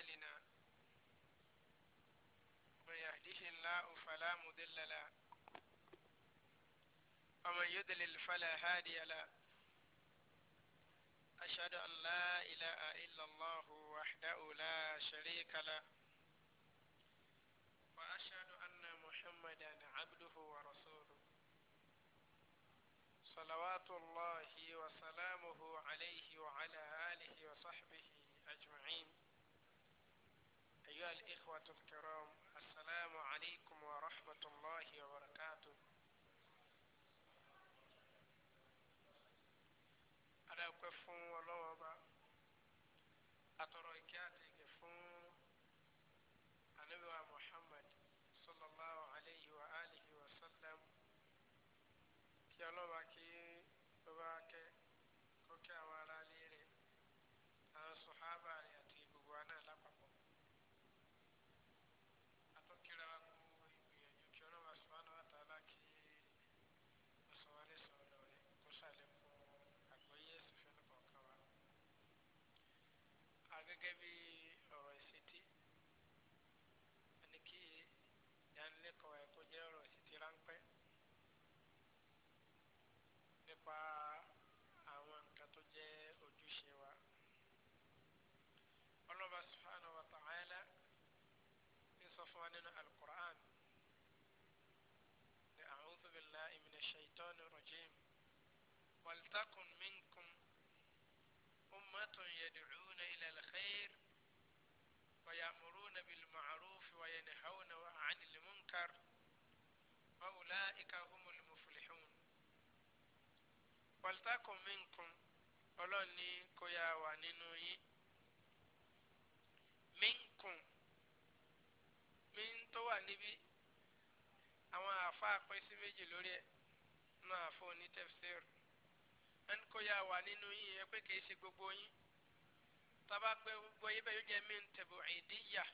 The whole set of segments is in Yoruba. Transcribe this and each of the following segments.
أعمالنا من يهده الله فلا مضل له ومن يضلل فلا هادي له أشهد أن لا إله إلا الله وحده لا شريك له وأشهد أن محمدا عبده ورسوله صلوات الله وسلامه عليه وعلى آله وصحبه أجمعين أيها الإخوة الكرام السلام عليكم ورحمة الله وبركاته أنا أكفون ولوبا أترى gẹ́gẹ́ bí ọ̀rọ̀ ìṣètí ẹni kí ìdánilẹ́kọ̀ọ́ ẹ̀ kó jẹ́ ọ̀rọ̀ ìṣètí ráńpẹ́ nípa àwọn nǹkan tó jẹ́ ojúṣe wa ọlọ́ba subhanahu wa ta'ala ń sọ fún wa nínú alukur'an ní a'udhu billahi minash shaitani rajim wal takun minkum ummatun yad'u. المنكر وأولئك هم المفلحون ولتكن منكم ọlọ́ni kò yà wà nínú yín minkum mi ń tó wà níbí àwọn àáfàá pín sí méjì lórí ẹ̀ nínú àáfàá onítẹ̀fsíìrù ẹni kò yà wà nínú yín ẹ pé kìí ṣe gbogbo yín tábà pé gbogbo yín bẹ́ẹ̀ yóò jẹ́ mi ń tẹ̀bù ìdíyà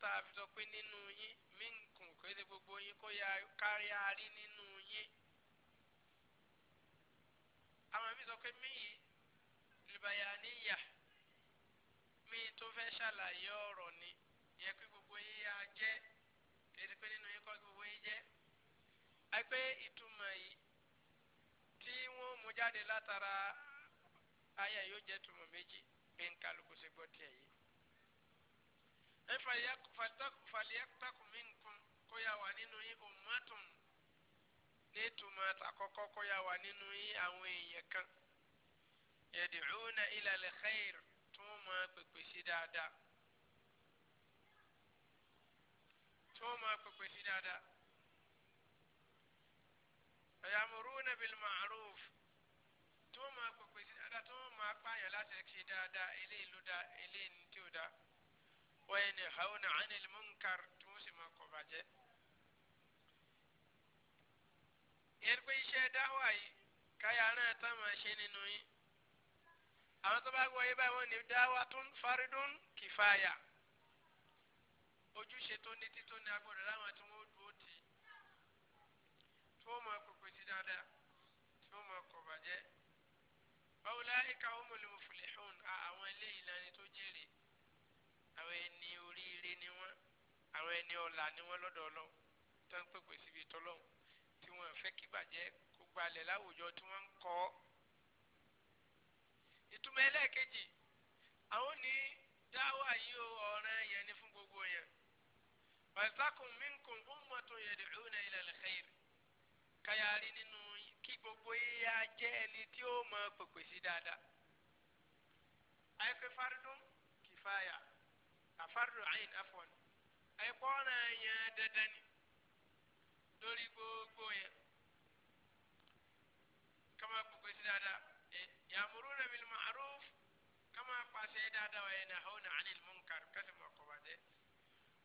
tá a fi sọ pé nínú yín mí nkùn kò ṣe gbogbo yín kó ya kárí arí nínú yín. àwọn mi sọ pé mí yìí lùbàyà níyà mí tó fẹ́ ṣàlàyé ọ̀rọ̀ ni yẹ kí gbogbo yín yá jẹ́ kì í ṣe pé nínú yín kọ́ gbogbo yín jẹ́. àìpé ìtumọ̀ yìí tí wọ́n mú jáde látara ayé yóò jẹ́ tùmọ̀ méjì bí nkàlùkù ṣe gbọ́ tiẹ̀ yìí ẹ fàlíyàtàkùn minkum kó yà wà nínú yín ummatun nítumọ̀ àkọ́kọ́ kó yà wà nínú yín àwọn èèyàn kan yad'una ila al-khair tó máa pèpè sí dáadáa tó máa pèpè sí dáadáa ya'muruna bil tó máa pèpè sí dáadáa tó máa pààyàn láti ṣe dáadáa eléyìí ló dáa eléyìí tí ò dáa wa yanhauna 'anil munkar tí wọ́n sì máa kọ̀ bàjẹ́. ìyẹn pé iṣẹ́ dáwà yìí káyà náà tá máa ṣe nínú yín àwọn tó bá gbọ́ yé báyìí wọ́n ní dáwà tún faridun kìfàyà ojúṣe tó ní títún ní agbọ́dọ̀ láwọn tí wọ́n dúró tì tí wọ́n máa pèpè sí dáadáa tí wọ́n máa kọ̀ bàjẹ́. báwo láyé káwọn mọ̀lẹ́mọ̀fọ̀lẹ́hùn àwọn ilé ìlànà àwọn ẹni ọ̀la ni wọ́n lọ́dọ̀ ọlọ́run tó ń pèpè síbi tọ́lọ́run tí wọ́n fẹ́ kí bàjẹ́ kó gbalẹ̀ láwùjọ tí wọ́n ń kọ́ ọ́. ìtumọ̀ ẹlẹ́ẹ̀kejì àwọn ní dáwà yìí ó yẹn ní fún gbogbo yẹn. wàtàkùn minkum ummatun yad'una ila al-khair káyàrí nínú kí gbogbo yíyá jẹ́ ẹni tí ó mọ pèpè sí dáadáa. àìpé fárídùn kìfáyà àfárídùn àyìn afọ́nù ẹ̀kọ́ràn yẹn dandan ni lórí gbogbo yẹn kama kpọkọ si dáadáa ẹ yàmúrú na mi ma arúf kama kpàṣẹ dáadáa wà yẹn na hàn na ànil munkar kásì mọ kọba dẹ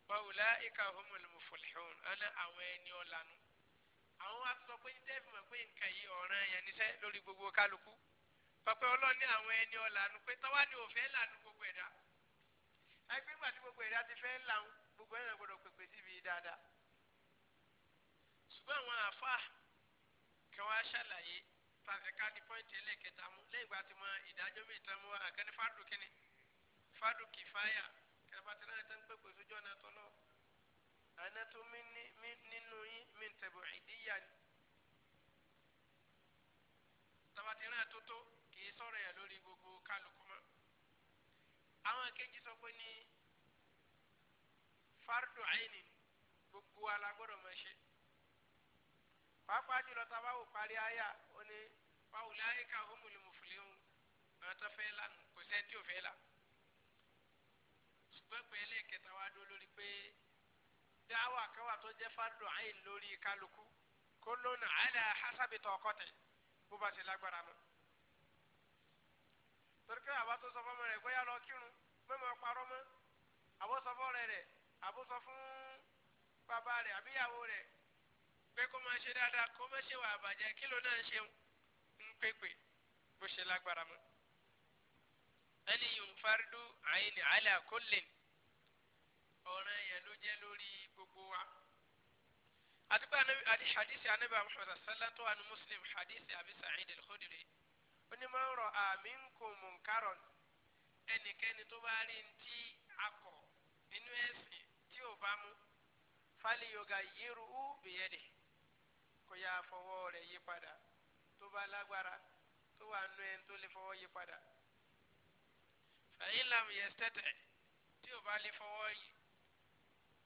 bawula ika humul mufulihun ana àwọn ẹni ọlanu àwọn asọ pé dẹ́bi mọ̀ pé nǹkan yìí ọ̀ràn yẹn níṣẹ́ lórí gbogbo kálukú pàpẹ́ ọlọ́ni àwọn ẹni ọ̀lànà pé tọ́wá ni òfẹ́ lànà gbogbo ẹ̀dá ẹgbẹ́ gbàtí gbogbo ẹ̀dá ti fẹ́ lànà gbogbo ẹ̀yàn gbọ́dọ̀ pèpè síbi dáadáa ṣùgbọ́n àwọn àfa kan wá ṣàlàyé tàbí káàdì pọ́ìntì ẹlẹ́kẹta mú lẹ́yìn ìgbà tí mo ìdájọ́ mi tán mú wa kẹ́ni fádùn kínní fádùn kìfáyà kẹ́ni bá ti náà tán pèpè sójú ọ̀nà tó lọ àná tó mí nínú yín mí ń tẹ̀bọ̀ ìdíyà ni tàbá náà tó tó kì í sọ̀rọ̀ yà lórí gbogbo kálukú mọ́ àwọn kejì sọ pé ní fardu aini gbogbo wa la gbọ́dọ̀ máa ṣe pàápàá jùlọ tá a bá wò parí àyà ó ní báwo láyé ká humul muflihun àwọn tó fẹ́ lànà kò sẹ́ni tí ò fẹ́ là ṣùgbọ́n pé ẹlẹ́ẹ̀kẹta wa dó lórí pé dáwà káwà tó jẹ́ fardu aini lórí kálukú kullun ala hasabi taqati bó ba ṣe lágbára mọ́ torí pé àbá tó sọ fọmọ rẹ̀ gbọ́yà lọ kírun mẹ́mọ́ parọ́ mọ́ àbọ̀ sọ fọ́ rẹ̀ rẹ̀ àbó sọ fún bàbá rẹ̀ àbíyàwó rẹ̀ pé kó máa ṣe dáadáa kó máa ṣe wà àbàjẹ́ kí ló náà ṣe ń pèpè bó ṣe lágbára mọ́. ẹni yìí fárúdú àyìn àlà kullin ọ̀ràn yẹn ló jẹ́ lórí gbogbo wa. àdúgbò àti hadith anabi muhammad sallallahu tó muslim hadith abi sa'id al-khudri onímọ̀ ọ̀rọ̀ minkum munkaron ẹnikẹ́ni tó bá rí ntí akọ̀ nínú ẹ̀sìn ò bá mu fali yoga yiru u bìyẹn de kó yá fọwọ́ rẹ̀ yí padà tó bá lágbára tó wà nù ẹ̀ tó lè fọwọ́ yí padà fẹ̀yìn lam yẹ sẹ́tẹ̀ tí ò bá lè fọwọ́ yí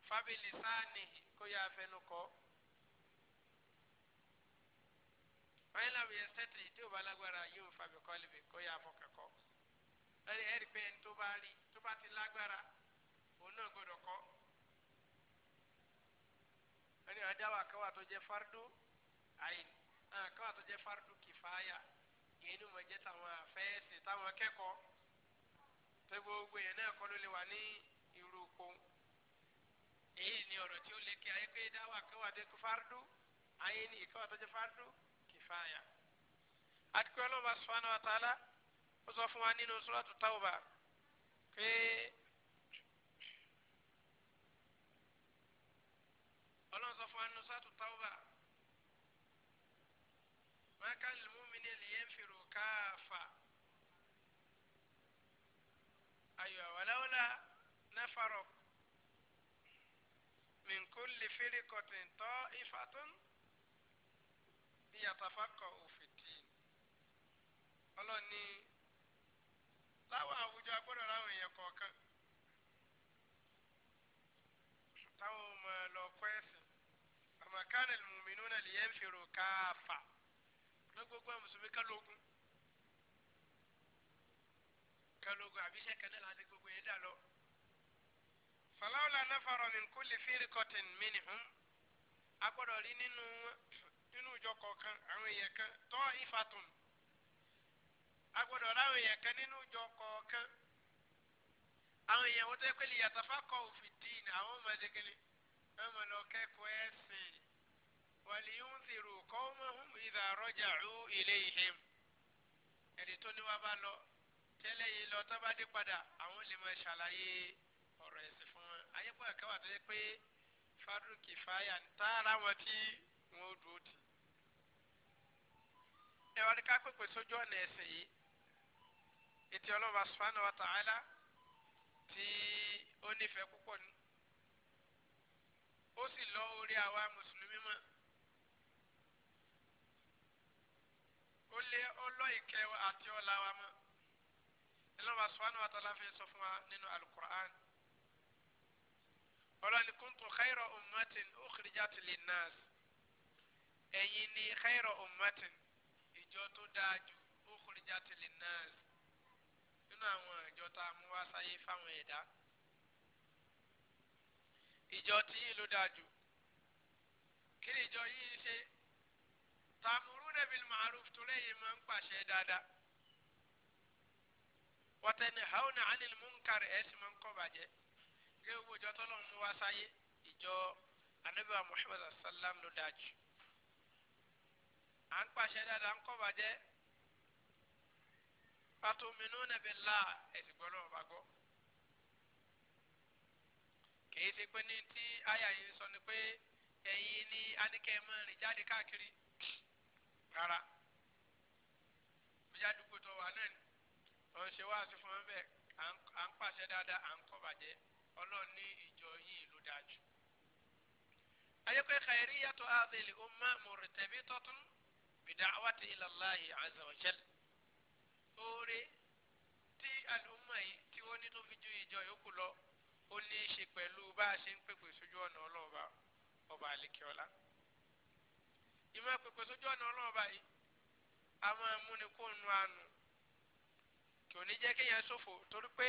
fábìlì sáàni kó yá fẹnu kọ́ fẹ̀yìn lam yẹ sẹ́tẹ̀ tí ò bá lágbára yóò fàbí kọ́lìbì kó yá fọkàkọ́ ẹ̀rí ẹ̀rí pé ẹni tó bá rí tó bá ti lágbára òun náà gbọ́dọ̀ kọ́ wọ́n ní adáwà kan wà tó jẹ́ fardu àyìn àwọn kan wà tó jẹ́ fardu kìfáyà ìyẹn ní mo jẹ́ táwọn afẹ́ẹ̀sì táwọn akẹ́kọ̀ọ́ pé gbogbo yẹn náà kọ́ ló lè wà ní irú oko èyí ni ọ̀rọ̀ tí ó lè kí ayé pé dáwà kan wà tó jẹ́ fardu àyìn ní ìkan wà tó jẹ́ fardu kìfáyà. àtikọ́ ọlọ́ba subhanahu wa ta'ala ó sọ fún wa nínú suratu tawba pé. ọlọ́run sọ fún anú sátú tauba mákàlì múmini lìyẹn fìrò káfà ayò àwàláwàlá náfàrọ min kulli firikotin ta'ifatun ìyàtàfàkọ òfìdí ọlọ́ni láwọn àwùjọ agbọ́dọ̀ láwọn èèyàn kọ̀ọ̀kan. wàkánà lùmínúnà lìyẹn fèrò káfà lọ gbogbo àwọn mùsùlùmí kálógún kálógún àbíṣe kẹlẹ gbogbo yẹn dà lọ. fàlàwùlà nàfàrọ̀ na kulli firqatin minhum agbọ́dọ̀ rí nínú nínú ìjọ kọ̀ọ̀kan àwọn èèyàn kan tọ́ ìfàtún àwọn èèyàn wọ́n tẹ́ pé lè yàtọ̀ fákọ̀ òfin dín àwọn ọmọdé ẹ̀sìn. ولينذروا قومهم إذا رجعوا إليهم ẹni tó ní wá bá lọ tẹ́lẹ̀ yìí lọ tó bá dé padà àwọn lè máa ṣàlàyé ọ̀rọ̀ ẹ̀sìn fún wọn ayépo àkẹwà tó yẹ pé fárúkì fáyà ń tá ara wọn tí wọn ó dúró tì. ẹ wá ní ká pèpè sójú ọ̀nà ẹ̀sìn yìí ètò ọlọ́ba subhanahu wa ta'ala tí ó nífẹ̀ẹ́ púpọ̀ ní ó sì lọ orí àwa mùsùlùmí. ó lé ọlọ́ ìkẹ́ àti ọlá wa mọ́ ẹlọ́wà subhanahu wa ta'ala fi sọ fún wa nínú alukur'an ọlọ́ni kuntum khayra ummatin ukhrijat linnas ẹ̀yin ni khayra ummatin ìjọ tó dáa jù ukhrijat linnas nínú àwọn ìjọ tá a mú wá sáyé fáwọn ẹ̀dá ìjọ tí yìí ló kí ni ìjọ yìí ṣe tá a mú ta'muruna bil ma'ruf tó lẹ́yìn máa ń pàṣẹ dáadáa wa tanhauna 'anil munkar ẹ̀ sì máa ń kọ́ bàjẹ́ gẹ́gẹ́ bí ìjọ tọ́lọ́ mú wá sáyé ìjọ anábìwá Muhammad sallam ló dáa jù à ń pàṣẹ dáadáa ń kọ́ bàjẹ́ fatuminuna billah ẹ̀ sì gbọ́ lọ́wọ́ bá kìí ṣe pé ní tí àyà yìí sọ ni pé ẹ̀yin ni anikẹ́ mọ́ rìn jáde káàkiri rárá bóyá àdúgbò tó wà náà ni wọ́n ṣe wá sí fún wọn bẹ́ẹ̀ à ń pàṣẹ dáadáa à ń kọ́ bàjẹ́ ọlọ́run ní ìjọ yìí ló dáa jù. ayẹ́pẹ́ khairiyyatu hadhihi al-umma murtabitatun bida'wati ila Allahi azza wa jalla. oore tí àlùmọ̀ yìí tí wọ́n ní tó fi ju ìjọ yòókù lọ ó ní í ṣe pẹ̀lú bá a ṣe ń pèpè sójú ọ̀nà ọlọ́ọ̀ba ọba àlekèọ́lá ìmọ̀ pẹ̀pẹ̀ sójú ọ̀nà ọlọ́ọ̀bá yìí a máa múni kó nu àánú kò ní jẹ́ kéèyàn ṣòfò torí pé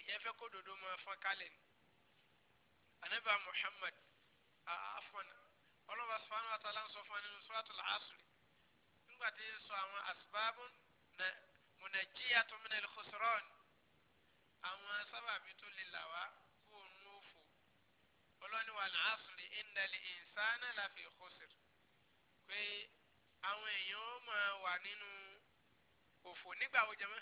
èyàn fẹ́ kó dodo máa fọ́n kálẹ̀ ni anabi muhammad afọ́nà ọlọ́ba subhanahu wa ta'ala ń sọ fún nínú suratul asri nígbà tí ń sọ àwọn asbabu munajjiya tó min al àwọn sábàbí tó lè là wá kó nu òfò ọlọ́ni wal asri innal insana lafi khusr pé àwọn èèyàn máa wà nínú òfò nígbà wo jẹmọ́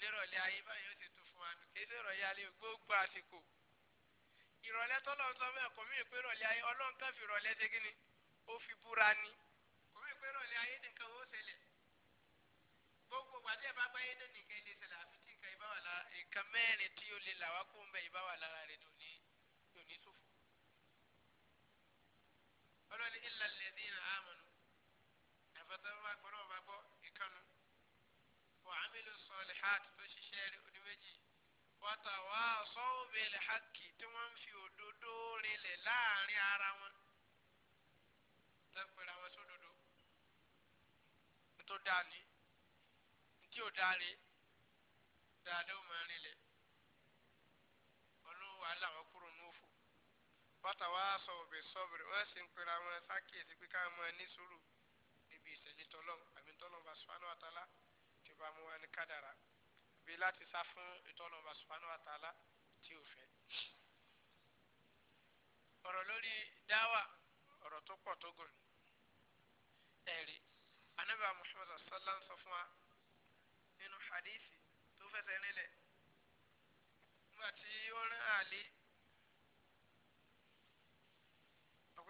lérọ̀lẹ́ ayé báyìí ó sì tún fún wa nù kí ẹsẹ̀ ìrọ̀lẹ́ ayé gbogbo àsìkò ìrọ̀lẹ́ tọ́lọ́ sọ fún ẹ̀kọ́ mi pé ìrọ̀lẹ́ ayé ọlọ́run kan fi ìrọ̀lẹ́ ṣe kí ni ó fi búra ni kò mí pé ìrọ̀lẹ́ ayé nìkan ó ṣẹlẹ̀ gbogbo gbàdé bá gbáyé náà nìkan ilé ṣẹlẹ̀ àfi tí nǹkan ìbáwà lára nǹkan mẹ́rin tí ó lè là wá kó ń bẹ ìbáwà lára rẹ̀ lónìí lónìí sófò ọlọ́ni ilà lẹ́dínà àmọ́nù àfẹ́tọ́wọ́ agbọ́nà bá gbọ́ ìkànnù wà á mílò sọ̀lẹ̀ hàt tó ṣiṣẹ́ rẹ̀ òní méjì wọ́tà wá sọ́wọ́ bẹ̀lẹ̀ hàkì tí wọ́n ń fi òdodo rinlẹ̀ láàrin ara wọn lẹ́pẹ̀rẹ̀ àwọn sódodo tó dáa ní tí ò dáa rí dáadáa ó máa rinlẹ̀ ọlọ́wọ́ aláwọ̀ kù wọ́tà wá sọ òbí sọ́bìrì wọ́n sì ń pera wọn sákèsí pé káwọn máa ní sùúrù níbi ìṣẹ̀lẹ̀ tọ́lọ́ àbí tọ́lọ́ba subhanahu wa ta'ala tí ó bá mú wa ní kádàrà bí láti sá fún ìtọ́lọ́ba subhanahu wa ta'ala tí ò fẹ́. ọ̀rọ̀ lórí dáwà ọ̀rọ̀ tó pọ̀ tó gùn ẹ̀rí anábà Muhammad sallam sọ fún wa nínú hadithi tó fẹsẹ̀ nílẹ̀ nígbà tí ó rán àlè.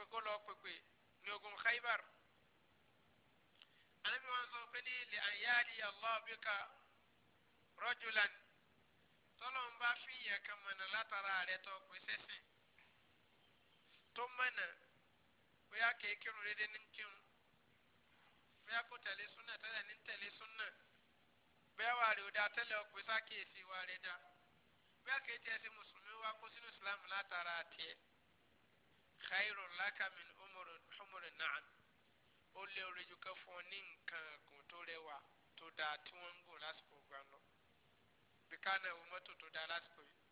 pé kó lọ pèpè ní ogun khaybar anabi wọn sọ pé ní ilẹ̀ ayáàlì allah bika rajulan tọ́lọ́ ń bá fìyà kan mọ̀nà látara rẹ̀ tó pèsè sìn tó mọ̀nà bóyá kéékìrún dédé ní kírun bóyá kò tẹ̀lé súnà tẹ́lẹ̀ ní tẹ̀lé súnà bóyá wà rè ó dáa tẹ́lẹ̀ ọ̀pẹ sákèésí wà rè dáa bóyá kéékìrún ẹsẹ̀ mùsùlùmí wá kó sínú ìsìlámù látara tiẹ̀. خير laka min humri na'am ó أولي oríjú kan كان ọ ní nǹkan kan tó rẹwà tó dáa tí wọ́n ń gò lásìkò gbọ́n lọ bí ká náà wo mọ́tò tó dáa lásìkò yìí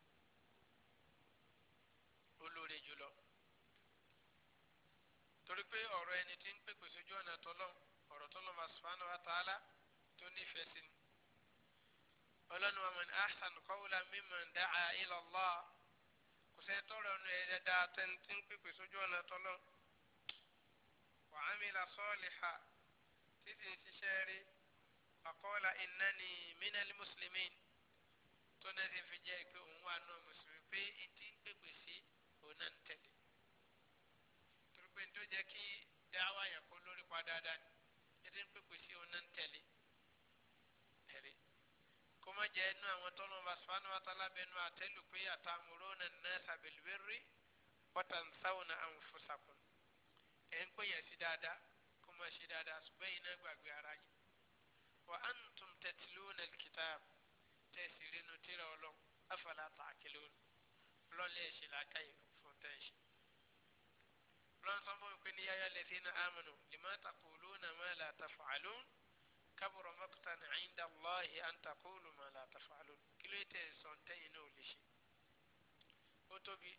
ó lóore jùlọ torí pé ọ̀rọ̀ ẹni tí ń pèpè sójú ọ̀nà tọ́lọ́ ọ̀rọ̀ tọ́lọ́ bá subhanahu wa ta'ala tó nífẹ̀ẹ́ sí ni ọlọ́nu wa ahsan qawlan mimman da'a ila Allah sẹ tọrọ nu ẹ dáadáa tẹntẹn pípé sójú ọ̀nà tọ́lọ́ wa amila saliha títí ń ṣiṣẹ́ rí faqala innani minal muslimin tó náà ti fi jẹ́ pé òun wà náà mùsùlùmí pé etí ń pèpè sí òun náà ń tẹ̀lé torí pé ní tó jẹ́ kí dáwà yẹn kó lórí pa dáadáa ni ń pèpè sí òun náà ń tẹ̀lé kọ́mọ jẹ́ inú àwọn tọ́lọ́ bá sùpánù àtàlà bẹnu àtẹ́lù pé àtàmúrò nà nà sàbẹ̀lúwẹ̀rì wọ́tà ń sáwọn nà ànfọ̀sàkùn. ẹ̀ ń pè yẹn sí dáadáa kọ́mọ sí dáadáa ṣùgbọ́n yìí náà gbàgbé ara yìí. wà á ń tún tẹ̀tìlú nà kìtàbù tẹ̀sí rinu tíra ọlọ́n afọlá tààkìlú lọ́lẹ̀ ṣe làákàyè fún tẹ̀sí. lọ́n sọ fún yáyá lẹ́sìn kabura maqtan inda Allahi an taqulu ma la taf'alun kí ló tẹ̀ sọ̀ntẹ́yìn náà lè ṣe ó tóbi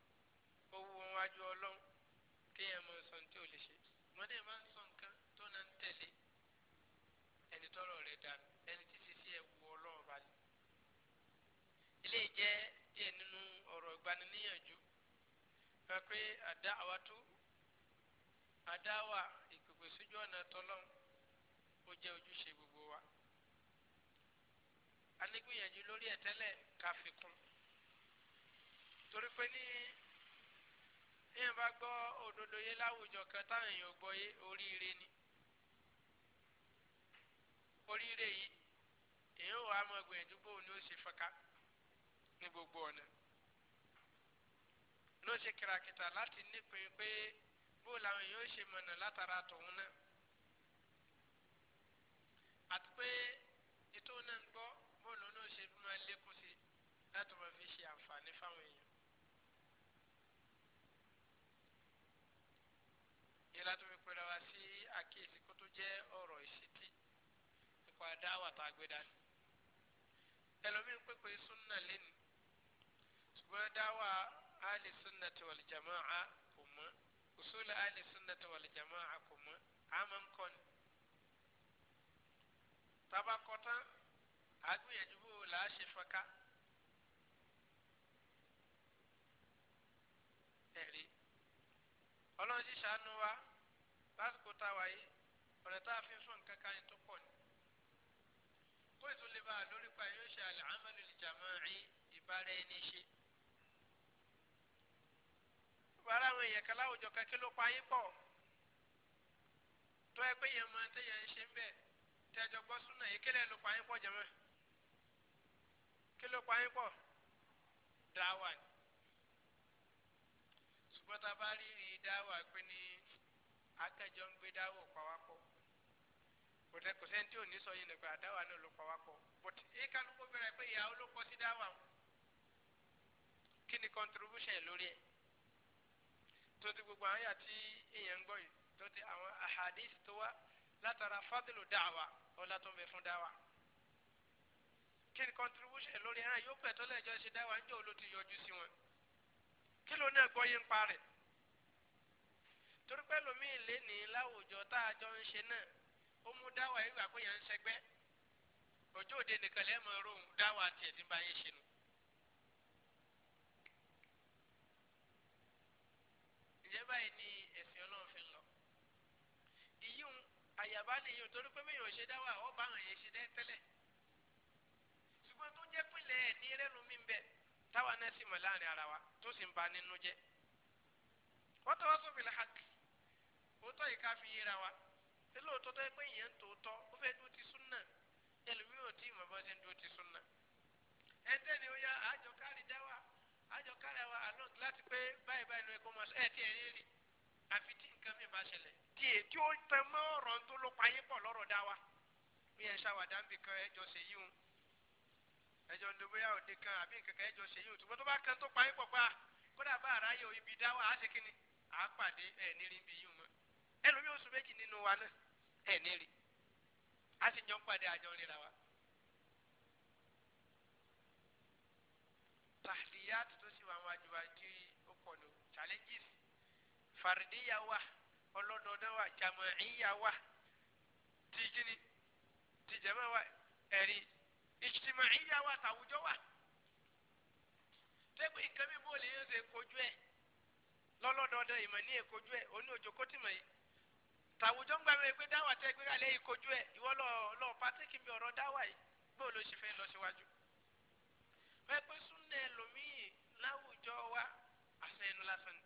ó wú wọn wájú ọlọ́run kéèyàn mọ sọ̀ntẹ́ ò lè ṣe mọ́tẹ́ máa ń sọ nǹkan tó náà ń tẹ̀lé ẹni tọrọ rẹ̀ dànù ẹni tí sisi ẹ̀ wú ọlọ́run balẹ̀ ilé jẹ́ díẹ̀ nínú ọ̀rọ̀ ìgbaniníyànjú ẹ pé àdá àwátú àdáwà ìpèpè sójú ọ̀nà tọ́lọ́run ó jẹ́ ojúṣe gbogbo alégbìyànjú lórí ẹ̀ tẹ́lẹ̀ ká fi kún torí pé ní èèyàn bá gbọ́ òdodo yé láwùjọ kan táwọn èèyàn gbọ́ yé oríire ni oríire yìí èèyàn wà á mọ gbìyànjú bóun ni ó ṣe fọ́nká ní gbogbo ọ̀nà ló ṣe kìràkìtà láti nípìn pé bó làwọn èèyàn ó ṣe mọ̀nà látara tòun náà àti pé. láti máa fi ṣe àǹfààní fáwọn èèyàn. yìí láti fi pèrè wá sí àkíyèsí kó tó jẹ́ ọ̀rọ̀ ìṣítí nípa dáwà tá a gbé dání. ẹlòmíín pépè súnà lẹ́nu ṣùgbọ́n dáwà áàlì súnà tí wal jama'a kò mọ́ usúlù áàlì súnà tí wal jama'a kò mọ́ àmọ́ ń kọ́ ni. tábà kọ́ tán àgbìyànjú bò láṣẹ fọ́ká. ọlọ́run sì ṣàánú wa lásìkò tá a wà yìí tá a fi ń sún nǹkan kan tó pọ̀ ni. kó ètò lè bá a lórí pa yóò ṣe àlẹ́ àmàlù ìjàmọ́rin ìbára ẹni ṣe. ìbára àwọn èèyàn kan láwùjọ kan kí ló pa yín pọ̀ tó ẹ pé yẹn máa tẹ̀yẹ̀ ń ṣe ń bẹ̀ tẹ́jọ gbọ́ súnà yìí kílẹ̀ ló pa yín pọ̀ jẹ̀mọ́ kí ló pa yín pọ̀ dáwà ni. ṣùgbọ́n tá a bá rí rí dáwà pé ní akẹ́jọ́ ń gbé dáwà pàwápọ̀ kò tẹ kò sẹ́ni tí ò ní sọ yìí nípa àdáwà náà ló pàwápọ̀ but èyí kálukú bẹ̀rẹ̀ pé ìyàwó ló kọ́ sí dáwà wọn kí ni contribution lórí ẹ̀ tó ti gbogbo àwọn yà tí èèyàn ń gbọ́ yìí tó ti àwọn ahadith tó wá látara fadilu dáwà ọlá tó ń bẹ fún dáwà kí ni contribution lórí ẹ̀ yóò pẹ̀ tó lẹ́jọ́ ṣe dáwà ń jẹ́ olóòtú yọjú sí wọn kí ló náà gbọ́ yín pa rẹ̀ torí pé lómìn lẹ́ni láwùjọ tá a jọ ń ṣe náà ó mú dáwà ìgbà pé yẹn ń ṣẹgbẹ́ ọjọ́ òde nìkan lẹ́mọ̀ rohùn dáwà tiẹ̀ ti bá yẹn ṣe nù. ǹjẹ́ báyìí ni ẹ̀sìn ọlọ́run fi ń lọ. ìyíhun àyàbá nìyí torí pé mi ò ṣe dáwà ọba àwọn yẹn ṣe dẹ́ tẹ́lẹ̀. ṣùgbọ́n tó jẹ́ pínlẹ̀ ẹ̀ ní rẹ́nu mi táwa náà sì mọ̀ láàrin ara wa tó sì ń ba nínú jẹ́ wọ́n tọ́ wá sófin lẹ́hàk òótọ́ yìí ká fi yéra wa ilé òótọ́ tó yẹ pé ìyẹn ń tòótọ́ ó fẹ́ dúró ti súnà ẹlòmíì ò tí ì mọ̀ bá ṣe ń dúró ti súnà ẹ̀ńtẹ́ ni ó yá àjọ kárí dá wa àjọ kárí wa àlọ́ láti pé báyìí báyìí ló yẹ kó máa ṣe ẹ̀ tí ẹ̀ rí rí àfi tí nǹkan mi bá ṣẹlẹ̀ tí èdè ó tẹ mọ́ ọ̀rọ̀ tó ló pa yín pọ̀ lọ́rọ̀ dá wa bí ẹ̀ ṣàwádà ń bì kan ẹjọ́ ṣe yí un ẹjọ́ ń dobóyà òde kan àbí nǹkan kan ẹjọ́ ṣe yí un ṣùgbọ́n tó bá kan tó pa pọ̀ pa kódà bá àráyè ibi dá wa á ṣe kí àápàdé ẹ̀ nírí bí yìí mọ́ ẹlòmí oṣù méjì nínú wa náà ẹ̀ nírí a sì jọ ń pàdé àjọ ríra wa. tàdíyà tó sì wà wájú wa tí ó challenges fàrídíyà wa ọlọ́dọọdọ wa jàmọ̀íyà wa tìjìnì tìjàmọ̀ wa ẹ̀rí ìjìtìmọ̀íyà wa tàwùjọ wa tẹ́gbẹ́ ìkẹ́mi bó lè yẹn ṣe kojú ẹ̀. lọlọdọọdọ ìmọ ní èkó ju ẹ oní òjò kó tì mọ yìí tàwùjọ ń gba mi pé dáwà tẹ gbé kalẹ èkó ju ẹ ìwọ lọ lọ patrick bí ọrọ dáwà yìí gbọ ló ṣe fẹ lọ síwájú. wọ́n pẹ́ súnlẹ̀ lómìnì láwùjọ wa àṣẹ ẹnu lásán ni.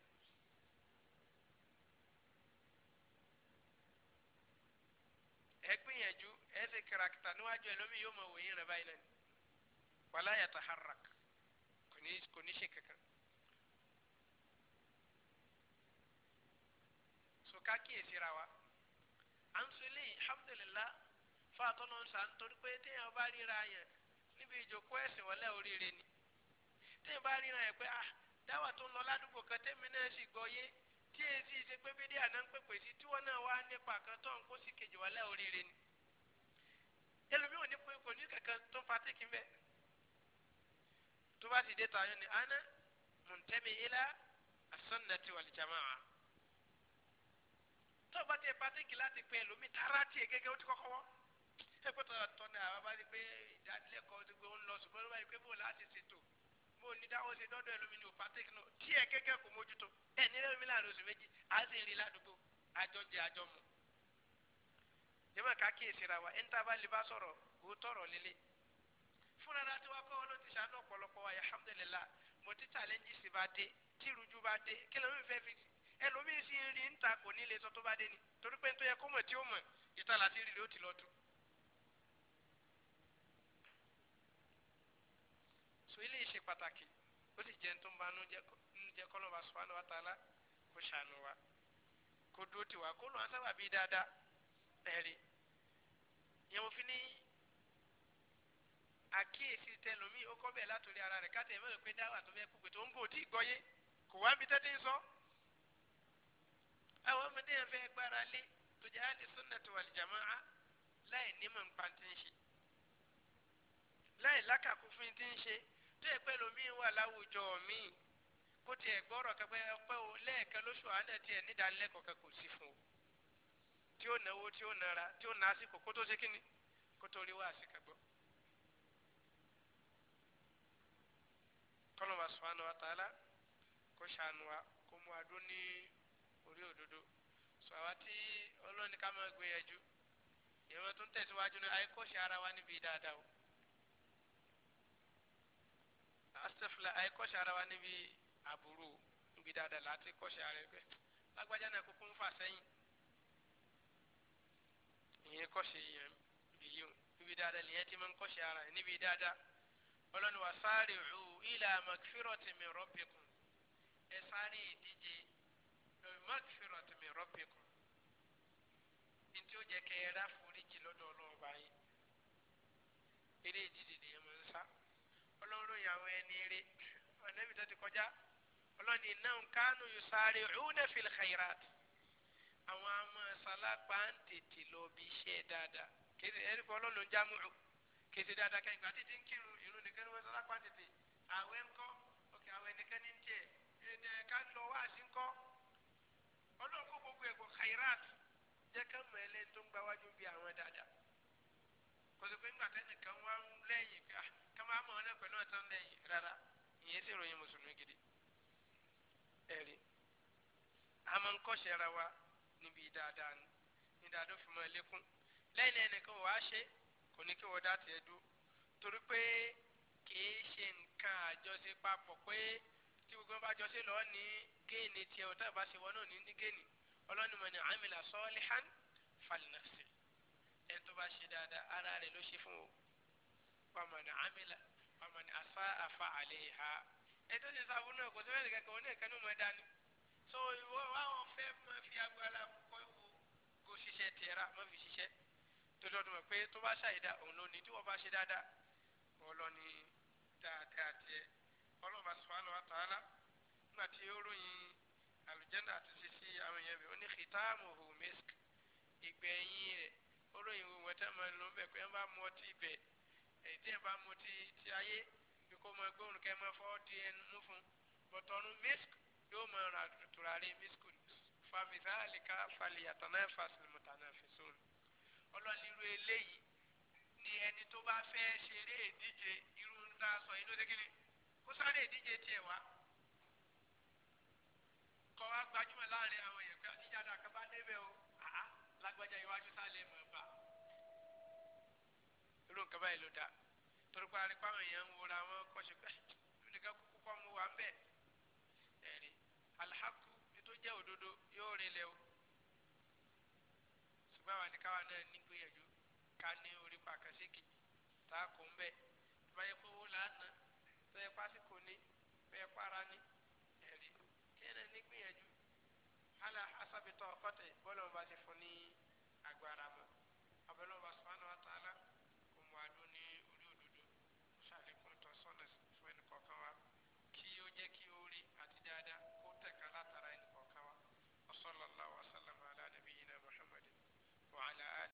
ẹ gbìyànjú ẹ ṣe kìràkìtà níwájú ẹ lómìnì yóò mọ òwe yín rẹ báyìí náà ni. wàláyà tàhárà kò ní ṣe kankan. ká kíyèsí ra wa à ń sọ eléyìí alhamdulillah fáàtọ́ ló ń sà ń torí pé téèyàn bá ríra yẹn níbi ìjókòó ẹ̀sìn wọlé oríire ni téèyàn bá ríra yẹn pé ah dáwà tó ń lọ ládùúgbò kan tẹ́mi náà sì gbọ́ yé tí èsì ṣe pé bídí àná ń pèpè sí tí wọ́n náà wá nípa kan tó ń kó sí kejì wọlé oríire ni ẹlòmíì ní pé kò ní kankan tó fatikì mbẹ tó bá ti dé tààyàn ni ana muntami ila as-sunnati jamaa tó o bá tiẹ̀ pàtẹ́kì láti pẹ́ lómi tààrà tiẹ̀ gẹ́gẹ́ ó ti kọ́kọ́ wọ́ ẹ pẹ́ tọ́lá tọ́ ni àwọn bá di pé ìdánilẹ́kọ̀ọ́ ti gbé ń lọ ṣùgbọ́n ló bá di pé bó láti ṣètò bó ní dáwọ́ ṣe dọ́dọ̀ ẹ lómi ní o pàtẹ́kì náà tiẹ̀ gẹ́gẹ́ kò mójútó ẹ nílẹ̀ lómi láàrin oṣù méjì á sì rí ládùúgbò àjọjẹ àjọmù jẹ́mọ̀ ká kíyèsí ra wa ẹni tá a bá lè bá sọ̀rọ̀ kó tọ̀rọ̀ lélẹ̀ fúnra tí wàá kọ́ ọ ló ti ṣàánú ọ̀pọ̀lọpọ̀ wa alhamdulillah mo ti challenge sì bá dé tí ìrújú bá dé kí ló ń fẹ́ fi ẹlòmíín sì ń rí níta kò ní lè sọ tó bá dé ni torí pé nítorí ẹ kó mọ̀ tí ó mọ̀ ìta láti rí ló ti lọ tú. so ilé ìṣe pàtàkì ó sì jẹ́ tó ń banú jẹ́ kọ́lọ́ba sùpánù wa tààlà kó ṣàánú wa kó dúró tiwa kó lọ́n sábàbí dáadáa ẹ̀rí ìyẹn mo fi ní àkíyèsí tẹlomi ó kọ́ bẹ̀ látòrí ara rẹ̀ káàtẹ́ mẹ́rin pé dáwà tó fẹ́ kú pé tó ń bò tí gbọ́yé kò wá bí tẹ́tí sọ. So téèyàn fẹ́ gbára lé tó jẹ́ àlè sunnati wal jamaa láì nímọ̀ nípa ti ń ṣe láì lákàkún fún ti ń ṣe tó yẹ pé lómiì wà láwùjọ míì kó tiẹ̀ gbọ́rọ̀ kẹpẹ́ ọpẹ́ o lẹ́ẹ̀kan lóṣù àánà tiẹ̀ nídàálẹ́kọ̀ọ́ kan kò sí fún o tí ó náwó tí ó nara tí ó nà àsìkò kó tó ṣe kíni kó tó rí wá àsìkò gbọ́. kọ́lọ́mà subhanahu wa ta'ala kó ṣàánú wa kó mú adó ní orí òdodo sọ àwa tí olóòní ká máa gbìyànjú ìwọ tó ń tẹ̀síwájú ní àìkọ́ṣe ara wa níbi dáadáa o asefula àìkọ́ṣe ara wa níbi àbúrò níbi dáadáa láti kọ́ṣe ara ẹgbẹ́ lágbájá náà kúkú ń fà sẹ́yìn ìyẹn kọ́ṣe yẹn bìyí o níbi dáadáa lèyẹn ti máa ń kọ́ṣe ara ẹ̀ níbi dáadáa ọlọ́ni wa sari'u ila magfirati min rabbikum ẹ sáré ìdíje magfirat min rabbikum ntí ó jẹ́ kẹ́ ẹ rá foríjì lọ́dọ̀ ọlọ́ọ̀bá yìí eré ìdíje nìyẹn máa ń sá ọlọ́run ìyàwó ẹni eré ọ̀nẹ́bí tó ti kọjá ọlọ́ni náà kánú yusari ọ̀hún fil khairat àwọn amọ̀sálápá ń tètè lọ bí iṣẹ́ dáadáa kéde ẹni kọ́ ọlọ́run jámù kéde dáadáa kẹ́yìn gbà títí ń kírun ìrún nìkan ní wọ́n sálápá tètè àwẹ̀ ńkọ́ òkè àwẹ̀ nìkan ní ń tiẹ̀ ẹ̀ẹ́dẹ̀ ká lọ ọlọ́run kó gbogbo ẹ̀kọ́ khairat jẹ́ ká mọ̀ ẹ́ lẹ́yìn tó ń gbáwájú bí àwọn dáadáa kòtò pé ńgbà tẹ́lẹ̀ kan wá ń lẹ́yìn ká ká máa mọ̀ ọ́nà pẹ̀lú ọ̀tọ́ lẹ́yìn rárá ìyẹn sì ròyìn mùsùlùmí gidi ẹ̀rí a máa ń kọ́ṣẹ́ ara wa níbi dáadáa ni ní dáadáa fi mọ́ ẹ lẹ́yìn ẹnìkan wò á ṣe kò ní kí wọ́n dá tiẹ̀ dúró torí pé kì í ṣe nǹkan àjọṣe pé tí gbogbo wọn bá jọ sí lọ́ọ́ ní géènì tiẹ̀ ọ̀tá ìbá ṣe wọn náà ní ní géènì ọlọ́ni mọ̀ ní amílà sọ́ọ́lìhán falinasi ẹ̀ tó bá ṣe dáadáa ara rẹ̀ ló ṣe fún o pàmò ní amílà pàmò ní asá àfa àlẹ́ ìhà ẹ̀ tó ṣe sáfún náà kò sí fẹ́ẹ́ kẹ́kẹ́ wọn ní ẹ̀ka ní ọmọ ni so ìwọ àwọn fẹ́ máa fi agbára kọ́ ìwò kó ṣiṣẹ́ tẹ̀ra má fi ṣiṣẹ́ tó dọ́dún mọ̀ pé tó nígbà tí ó ròyìn àlùjẹ́nà àti sisi àwọn èèyàn bẹ̀ ó ní kìtààmù hù mísk ìgbẹ̀yìn rẹ̀ ó ròyìn òun ẹ̀tẹ́ máa lò ń bẹ̀ pé ẹ bá mu ọtí bẹ̀ èyí tí ẹ bá mu ti ti ayé bí kò mọ gbóhùn kẹ́ mọ́ fọ́ di mú fún bọ̀tọ̀nù mísk yóò mọ ra tùràrí mísk fàmìlà àlìká falẹ̀ yàtọ̀nà fàṣìlìmọ̀tànà fìṣún ọlọ́nirú eléyìí ni ẹni tó bá fẹ́ ṣeré ìdíje irú ń ta sọ inú dégínì kó sáré ìdíje tiẹ̀ wá kọ́ wa gbajúmọ̀ láàrin àwọn èèyàn pé ìjàdá kan bá débẹ̀ o àá lágbájá iwájú sálẹ̀ mọ̀ bá irú nǹkan báyìí ló dáa torí pé arípa àwọn èèyàn ń wora wọn kọ́ ṣe pé nìkan kúkú kọ́ mu wà ń bẹ̀ ẹ̀rí alhaku ètò jẹ́ òdodo yóò rinlẹ̀ o ṣùgbọ́n àwọn àdìkáwà náà nígbìyànjú ká ní orí pàkàṣẹ́kì tá a kò ń bẹ̀ tó bá yẹ kó wó lánàá tó yẹ pásíkò ní tó yẹ pàrà ní ala hasabi tọkọtẹ bọlọ bá ti fún